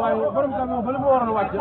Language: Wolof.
waaye borom camion ba lu mu waroon wàcc